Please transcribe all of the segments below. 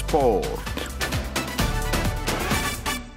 ስፖርት።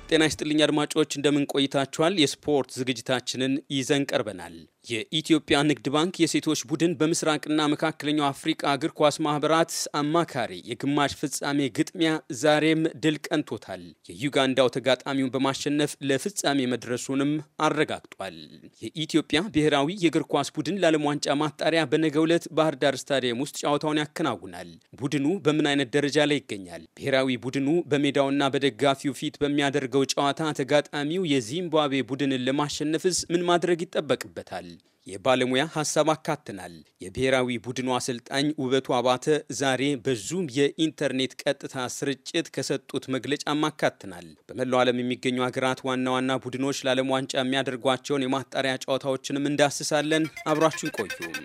ጤና ይስጥልኝ አድማጮች፣ እንደምን ቆይታችኋል? የስፖርት ዝግጅታችንን ይዘን ቀርበናል። የኢትዮጵያ ንግድ ባንክ የሴቶች ቡድን በምስራቅና መካከለኛው አፍሪቃ እግር ኳስ ማህበራት አማካሪ የግማሽ ፍጻሜ ግጥሚያ ዛሬም ድል ቀንቶታል። የዩጋንዳው ተጋጣሚውን በማሸነፍ ለፍጻሜ መድረሱንም አረጋግጧል። የኢትዮጵያ ብሔራዊ የእግር ኳስ ቡድን ለዓለም ዋንጫ ማጣሪያ በነገ ዕለት ባህር ዳር ስታዲየም ውስጥ ጨዋታውን ያከናውናል። ቡድኑ በምን አይነት ደረጃ ላይ ይገኛል? ብሔራዊ ቡድኑ በሜዳውና በደጋፊው ፊት በሚያደርገው ጨዋታ ተጋጣሚው የዚምባብዌ ቡድንን ለማሸነፍስ ምን ማድረግ ይጠበቅበታል? የባለሙያ ሀሳብ አካትናል። የብሔራዊ ቡድኑ አሰልጣኝ ውበቱ አባተ ዛሬ በዙም የኢንተርኔት ቀጥታ ስርጭት ከሰጡት መግለጫም አካትናል። በመላው ዓለም የሚገኙ ሀገራት ዋና ዋና ቡድኖች ለዓለም ዋንጫ የሚያደርጓቸውን የማጣሪያ ጨዋታዎችንም እንዳስሳለን። አብራችን ቆዩም።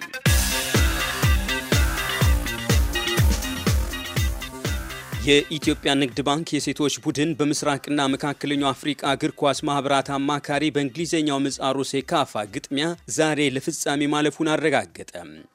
የኢትዮጵያ ንግድ ባንክ የሴቶች ቡድን በምስራቅና መካከለኛው አፍሪቃ እግር ኳስ ማህበራት አማካሪ በእንግሊዝኛው ምጻሩ ሴካፋ ግጥሚያ ዛሬ ለፍጻሜ ማለፉን አረጋገጠ።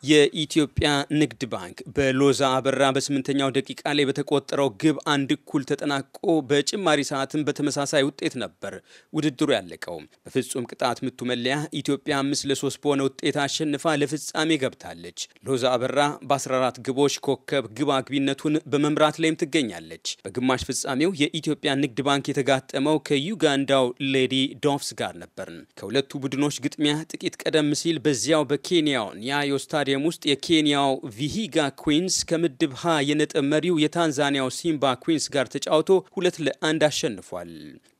የኢትዮጵያ ንግድ ባንክ በሎዛ አበራ በስምንተኛው ደቂቃ ላይ በተቆጠረው ግብ አንድ እኩል ተጠናቆ በጭማሪ ሰዓትም በተመሳሳይ ውጤት ነበር ውድድሩ ያለቀው። በፍጹም ቅጣት ምቱ መለያ ኢትዮጵያ አምስት ለሶስት በሆነ ውጤት አሸንፋ ለፍጻሜ ገብታለች። ሎዛ አበራ በ14 ግቦች ኮከብ ግብ አግቢነቱን በመምራት ላይም ትገኛል። ትገኛለች። በግማሽ ፍጻሜው የኢትዮጵያ ንግድ ባንክ የተጋጠመው ከዩጋንዳው ሌዲ ዶፍስ ጋር ነበርን። ከሁለቱ ቡድኖች ግጥሚያ ጥቂት ቀደም ሲል በዚያው በኬንያው ኒያዮ ስታዲየም ውስጥ የኬንያው ቪሂጋ ኩዊንስ ከምድብ ሀ የነጥብ መሪው የታንዛኒያው ሲምባ ኩዊንስ ጋር ተጫውቶ ሁለት ለአንድ አሸንፏል።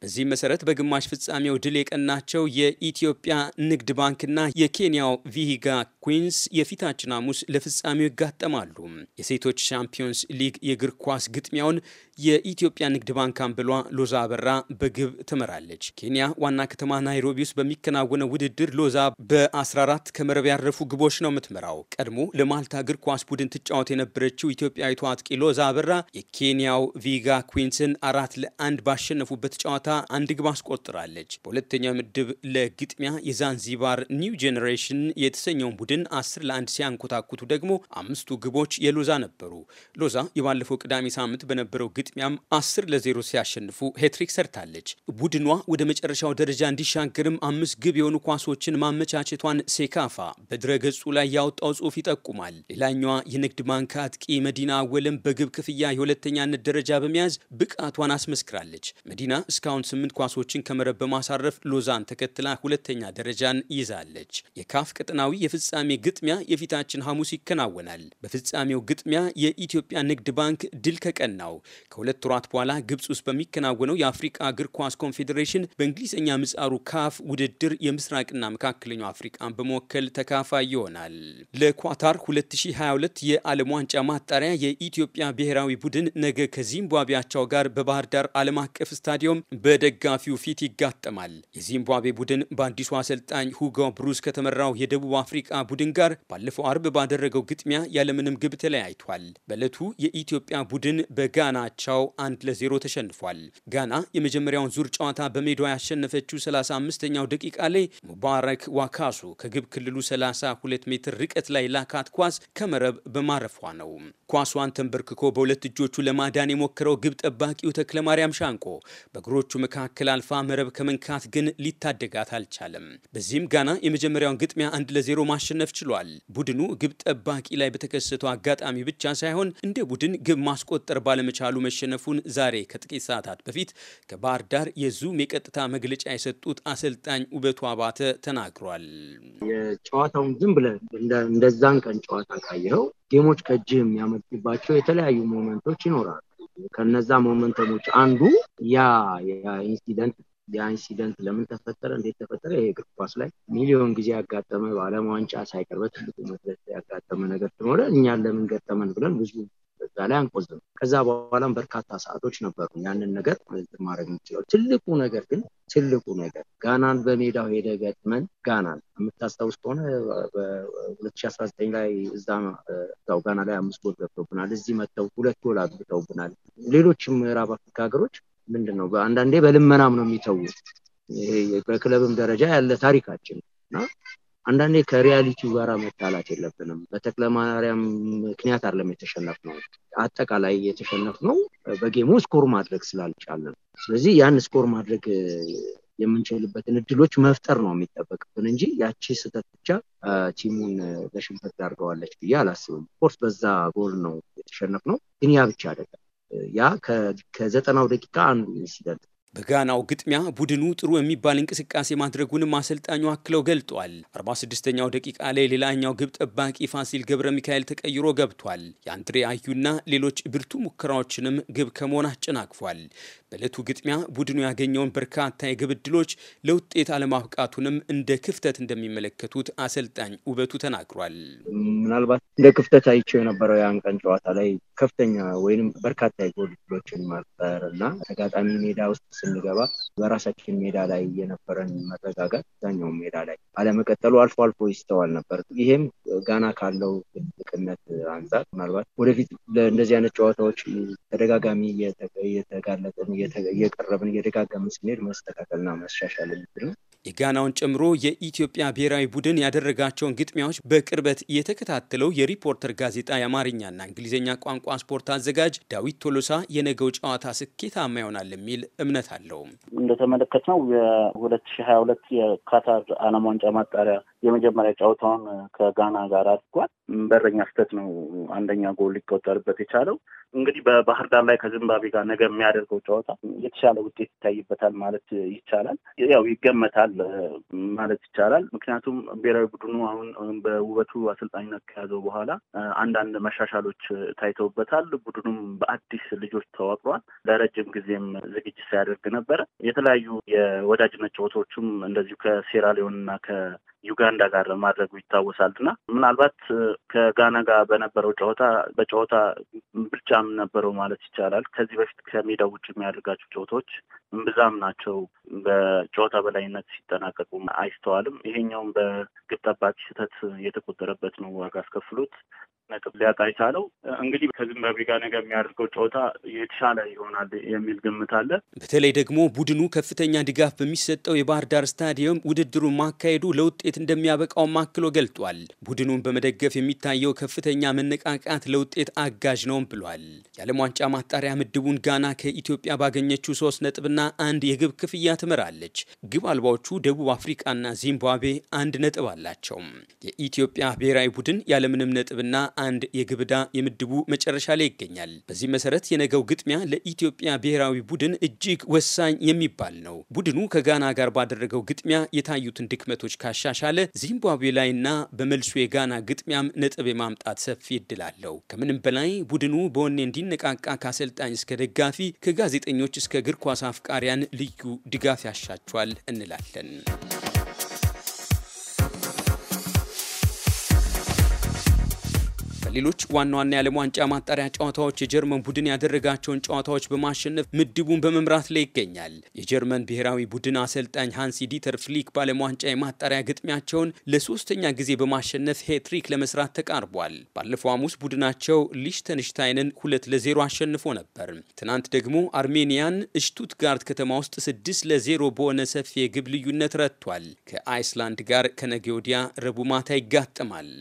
በዚህ መሰረት በግማሽ ፍጻሜው ድል የቀናቸው የኢትዮጵያ ንግድ ባንክና የኬንያው ቪሂጋ ኩዊንስ የፊታችን ሐሙስ ለፍጻሜው ይጋጠማሉ። የሴቶች ሻምፒዮንስ ሊግ የእግር ኳስ ግጥ ግጥሚያውን የኢትዮጵያ ንግድ ባንክ አምበሏ ሎዛ አበራ በግብ ትመራለች። ኬንያ ዋና ከተማ ናይሮቢ ውስጥ በሚከናወነው ውድድር ሎዛ በ14 ከመረብ ያረፉ ግቦች ነው የምትመራው። ቀድሞ ለማልታ እግር ኳስ ቡድን ትጫወት የነበረችው ኢትዮጵያዊቷ አጥቂ ሎዛ አበራ የኬንያው ቪጋ ኩዊንስን አራት ለአንድ ባሸነፉበት ጨዋታ አንድ ግብ አስቆጥራለች። በሁለተኛው ምድብ ለግጥሚያ የዛንዚባር ኒው ጄኔሬሽን የተሰኘውን ቡድን አስር ለአንድ ሲያንኮታኩቱ ደግሞ አምስቱ ግቦች የሎዛ ነበሩ። ሎዛ የባለፈው ቅዳሜ ሳምንት በነበረው ግጥሚያም ለ ለዜሮ ሲያሸንፉ ሄትሪክ ሰርታለች። ቡድኗ ወደ መጨረሻው ደረጃ እንዲሻገርም አምስት ግብ የሆኑ ኳሶችን ማመቻቸቷን ሴካፋ በድረገጹ ላይ ያወጣው ጽሑፍ ይጠቁማል። ሌላኛዋ የንግድ ባንክ አጥቂ መዲና ወለም በግብ ክፍያ የሁለተኛነት ደረጃ በመያዝ ብቃቷን አስመስክራለች። መዲና እስካሁን ስምንት ኳሶችን ከመረብ በማሳረፍ ሎዛን ተከትላ ሁለተኛ ደረጃን ይዛለች። የካፍ ቀጠናዊ የፍጻሜ ግጥሚያ የፊታችን ሐሙስ ይከናወናል። በፍጻሜው ግጥሚያ የኢትዮጵያ ንግድ ባንክ ድል ከቀናው ከሁለት ወራት በኋላ ግብጽ ውስጥ በሚከናወነው የአፍሪቃ እግር ኳስ ኮንፌዴሬሽን በእንግሊዝኛ ምጻሩ ካፍ ውድድር የምስራቅና መካከለኛው አፍሪቃን በመወከል ተካፋይ ይሆናል። ለኳታር 2022 የዓለም ዋንጫ ማጣሪያ የኢትዮጵያ ብሔራዊ ቡድን ነገ ከዚምባብዌ ጋር በባህር ዳር ዓለም አቀፍ ስታዲየም በደጋፊው ፊት ይጋጠማል። የዚምባብዌ ቡድን በአዲሱ አሰልጣኝ ሁጎ ብሩስ ከተመራው የደቡብ አፍሪቃ ቡድን ጋር ባለፈው አርብ ባደረገው ግጥሚያ ያለምንም ግብ ተለያይቷል። በዕለቱ የኢትዮጵያ ቡድን በጋና 1 አንድ ለዜሮ ተሸንፏል። ጋና የመጀመሪያውን ዙር ጨዋታ በሜዳ ያሸነፈችው 35ኛው ደቂቃ ላይ ሙባረክ ዋካሱ ከግብ ክልሉ 32 ሜትር ርቀት ላይ ላካት ኳስ ከመረብ በማረፏ ነው። ኳሷን ተንበርክኮ በሁለት እጆቹ ለማዳን የሞከረው ግብ ጠባቂው ተክለማርያም ሻንቆ በእግሮቹ መካከል አልፋ መረብ ከመንካት ግን ሊታደጋት አልቻለም። በዚህም ጋና የመጀመሪያውን ግጥሚያ አንድ ለዜሮ ማሸነፍ ችሏል። ቡድኑ ግብ ጠባቂ ላይ በተከሰተው አጋጣሚ ብቻ ሳይሆን እንደ ቡድን ግብ ማስቆጠር ባለመቻሉ መሸነፉን ዛሬ ከጥቂት ሰዓታት በፊት ከባህር ዳር የዙም የቀጥታ መግለጫ የሰጡት አሰልጣኝ ውበቱ አባተ ተናግሯል። የጨዋታውን ዝም ብለህ እንደዛን ቀን ጨዋታ ካየኸው ጌሞች ከእጅ የሚያመልጥባቸው የተለያዩ ሞመንቶች ይኖራሉ። ከነዛ ሞመንተሞች አንዱ ያ ኢንሲደንት ያ ኢንሲደንት ለምን ተፈጠረ፣ እንዴት ተፈጠረ? ይሄ እግር ኳስ ላይ ሚሊዮን ጊዜ ያጋጠመ በዓለም ዋንጫ ሳይቀርበት በትልቁ መድረክ ያጋጠመ ነገር ስለሆነ እኛን ለምን ገጠመን ብለን ብዙ እዛ ላይ አንቆዝም። ከዛ በኋላም በርካታ ሰዓቶች ነበሩ ያንን ነገር ማድረግ የምችለው። ትልቁ ነገር ግን ትልቁ ነገር ጋናን በሜዳው ሄደ ገጥመን ጋናን የምታስታውስ ከሆነ በ2019 ላይ እዛ ጋና ላይ አምስት ጎል ገብቶብናል። እዚህ መጥተው ሁለት ጎል አግብተውብናል። ሌሎችም ምዕራብ አፍሪካ ሀገሮች ምንድን ነው አንዳንዴ በልመናም ነው የሚተዉት። በክለብም ደረጃ ያለ ታሪካችን እና አንዳንዴ ከሪያሊቲው ጋር መጣላት የለብንም። በተክለ ማርያም ምክንያት አለም የተሸነፍ ነው። አጠቃላይ የተሸነፍ ነው በጌሙ ስኮር ማድረግ ስላልቻለን። ስለዚህ ያን ስኮር ማድረግ የምንችልበትን እድሎች መፍጠር ነው የሚጠበቅብን እንጂ ያቺ ስህተት ብቻ ቲሙን ለሽንፈት ዳርገዋለች ብዬ አላስብም። ኮርስ በዛ ጎል ነው የተሸነፍ ነው፣ ግን ያ ብቻ አይደለም። ያ ከዘጠናው ደቂቃ አንዱ ኢንሲደንት በጋናው ግጥሚያ ቡድኑ ጥሩ የሚባል እንቅስቃሴ ማድረጉንም አሰልጣኙ አክለው ገልጧል። 46ኛው ደቂቃ ላይ ሌላኛው ግብ ጠባቂ ፋሲል ገብረ ሚካኤል ተቀይሮ ገብቷል። የአንድሬ አዩና ሌሎች ብርቱ ሙከራዎችንም ግብ ከመሆን አጨናቅፏል። በዕለቱ ግጥሚያ ቡድኑ ያገኘውን በርካታ የግብ ዕድሎች ለውጤት አለማብቃቱንም እንደ ክፍተት እንደሚመለከቱት አሰልጣኝ ውበቱ ተናግሯል። ምናልባት እንደ ክፍተት አይቸው የነበረው ያን ቀን ጨዋታ ላይ ከፍተኛ ወይም በርካታ የጎል ዕድሎችን መፍጠር እና ተጋጣሚ ሜዳ ውስጥ ስንገባ በራሳችን ሜዳ ላይ የነበረን መረጋጋት አብዛኛው ሜዳ ላይ አለመቀጠሉ አልፎ አልፎ ይስተዋል ነበር። ይሄም ጋና ካለው ትልቅነት አንጻር ምናልባት ወደፊት ለእንደዚህ አይነት ጨዋታዎች ተደጋጋሚ እየተጋለጥን እየቀረብን እየደጋገምን ስንሄድ መስተካከልና መሻሻል ነው። የጋናውን ጨምሮ የኢትዮጵያ ብሔራዊ ቡድን ያደረጋቸውን ግጥሚያዎች በቅርበት የተከታተለው የሪፖርተር ጋዜጣ የአማርኛና እንግሊዝኛ ቋንቋ ስፖርት አዘጋጅ ዳዊት ቶሎሳ የነገው ጨዋታ ስኬታማ ይሆናል የሚል እምነት አለው። እንደተመለከትነው የሁለት ሺ ሀያ ሁለት የካታር ዓለም ዋንጫ ማጣሪያ የመጀመሪያ ጨዋታውን ከጋና ጋር አድርጓል። በረኛ ስህተት ነው አንደኛ ጎል ሊቆጠርበት የቻለው። እንግዲህ በባህር ዳር ላይ ከዚምባብዌ ጋር ነገ የሚያደርገው ጨዋታ የተሻለ ውጤት ይታይበታል ማለት ይቻላል። ያው ይገመታል አለ ማለት ይቻላል። ምክንያቱም ብሔራዊ ቡድኑ አሁን በውበቱ አሰልጣኝነት ከያዘው በኋላ አንዳንድ መሻሻሎች ታይተውበታል። ቡድኑም በአዲስ ልጆች ተዋቅሯል። ለረጅም ጊዜም ዝግጅት ሲያደርግ ነበረ። የተለያዩ የወዳጅነት ጨዋታዎቹም እንደዚሁ ከሴራሊዮን እና ዩጋንዳ ጋር ማድረጉ ይታወሳል እና ምናልባት ከጋና ጋር በነበረው ጨዋታ በጨዋታ ብልጫም ነበረው ማለት ይቻላል። ከዚህ በፊት ከሜዳ ውጭ የሚያደርጋቸው ጨዋታዎች እምብዛም ናቸው። በጨዋታ በላይነት ሲጠናቀቁ አይስተዋልም። ይሄኛውም በግብ ጠባቂ ስህተት የተቆጠረበት ነው ዋጋ አስከፍሎት ነጥብ ሊያጣ የቻለው እንግዲህ ከዚምባብዌ ጋር ነገ የሚያደርገው ጨዋታ የተሻለ ይሆናል የሚል ግምት አለ። በተለይ ደግሞ ቡድኑ ከፍተኛ ድጋፍ በሚሰጠው የባህር ዳር ስታዲየም ውድድሩን ማካሄዱ ለውጤት እንደሚያበቃው ማክሎ ገልጧል። ቡድኑን በመደገፍ የሚታየው ከፍተኛ መነቃቃት ለውጤት አጋዥ ነውም ብሏል። የዓለም ዋንጫ ማጣሪያ ምድቡን ጋና ከኢትዮጵያ ባገኘችው ሶስት ነጥብና አንድ የግብ ክፍያ ትመራለች። ግብ አልባዎቹ ደቡብ አፍሪካና ዚምባብዌ አንድ ነጥብ አላቸው። የኢትዮጵያ ብሔራዊ ቡድን ያለምንም ነጥብና አንድ የግብ ዕዳ የምድቡ መጨረሻ ላይ ይገኛል። በዚህ መሰረት የነገው ግጥሚያ ለኢትዮጵያ ብሔራዊ ቡድን እጅግ ወሳኝ የሚባል ነው። ቡድኑ ከጋና ጋር ባደረገው ግጥሚያ የታዩትን ድክመቶች ካሻሻለ ዚምባብዌ ላይና በመልሱ የጋና ግጥሚያም ነጥብ የማምጣት ሰፊ እድል አለው። ከምንም በላይ ቡድኑ በወኔ እንዲነቃቃ ከአሰልጣኝ እስከ ደጋፊ፣ ከጋዜጠኞች እስከ እግር ኳስ አፍቃሪያን ልዩ ድጋፍ ያሻቸዋል እንላለን። ሌሎች ዋና ዋና የዓለም ዋንጫ ማጣሪያ ጨዋታዎች የጀርመን ቡድን ያደረጋቸውን ጨዋታዎች በማሸነፍ ምድቡን በመምራት ላይ ይገኛል። የጀርመን ብሔራዊ ቡድን አሰልጣኝ ሃንሲ ዲተር ፍሊክ በዓለም ዋንጫ የማጣሪያ ግጥሚያቸውን ለሶስተኛ ጊዜ በማሸነፍ ሄትሪክ ለመስራት ተቃርቧል። ባለፈው ሐሙስ ቡድናቸው ሊሽተንሽታይንን ሁለት ለዜሮ አሸንፎ ነበር። ትናንት ደግሞ አርሜኒያን ሽቱትጋርት ከተማ ውስጥ ስድስት ለዜሮ በሆነ ሰፊ የግብ ልዩነት ረቷል። ከአይስላንድ ጋር ከነገ ወዲያ ረቡዕ ማታ ይጋጥማል።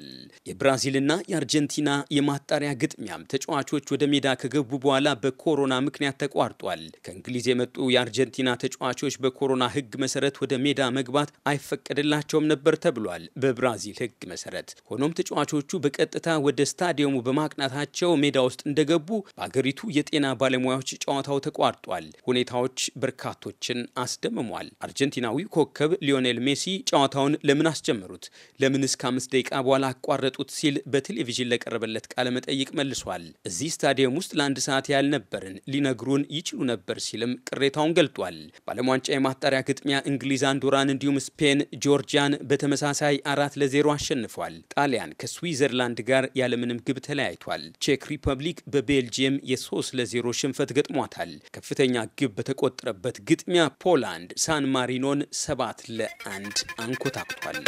የብራዚልና የአርጀንቲና አርጀንቲና የማጣሪያ ግጥሚያም ተጫዋቾች ወደ ሜዳ ከገቡ በኋላ በኮሮና ምክንያት ተቋርጧል። ከእንግሊዝ የመጡ የአርጀንቲና ተጫዋቾች በኮሮና ሕግ መሰረት ወደ ሜዳ መግባት አይፈቀድላቸውም ነበር ተብሏል በብራዚል ሕግ መሰረት። ሆኖም ተጫዋቾቹ በቀጥታ ወደ ስታዲየሙ በማቅናታቸው ሜዳ ውስጥ እንደገቡ በአገሪቱ የጤና ባለሙያዎች ጨዋታው ተቋርጧል። ሁኔታዎች በርካቶችን አስደምሟል። አርጀንቲናዊ ኮከብ ሊዮኔል ሜሲ ጨዋታውን ለምን አስጀመሩት? ለምንስ ከአምስት ደቂቃ በኋላ አቋረጡት? ሲል በቴሌቪዥን ለቀረ ለቀረበለት ቃለ መጠይቅ መልሷል። እዚህ ስታዲየም ውስጥ ለአንድ ሰዓት ያህል ነበርን፣ ሊነግሩን ይችሉ ነበር ሲልም ቅሬታውን ገልጧል። በዓለም ዋንጫ የማጣሪያ ግጥሚያ እንግሊዝ አንዶራን፣ እንዲሁም ስፔን ጆርጂያን በተመሳሳይ አራት ለዜሮ አሸንፏል። ጣሊያን ከስዊዘርላንድ ጋር ያለምንም ግብ ተለያይቷል። ቼክ ሪፐብሊክ በቤልጅየም የሶስት ለዜሮ ሽንፈት ገጥሟታል። ከፍተኛ ግብ በተቆጠረበት ግጥሚያ ፖላንድ ሳን ማሪኖን ሰባት ለአንድ አንኮታኩቷል።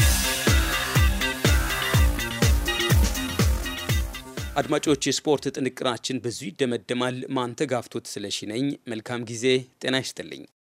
አድማጮች፣ የስፖርት ጥንቅራችን ብዙ ይደመደማል። ማንተጋፍቶት ስለሺ ነኝ። መልካም ጊዜ። ጤና ይስጥልኝ።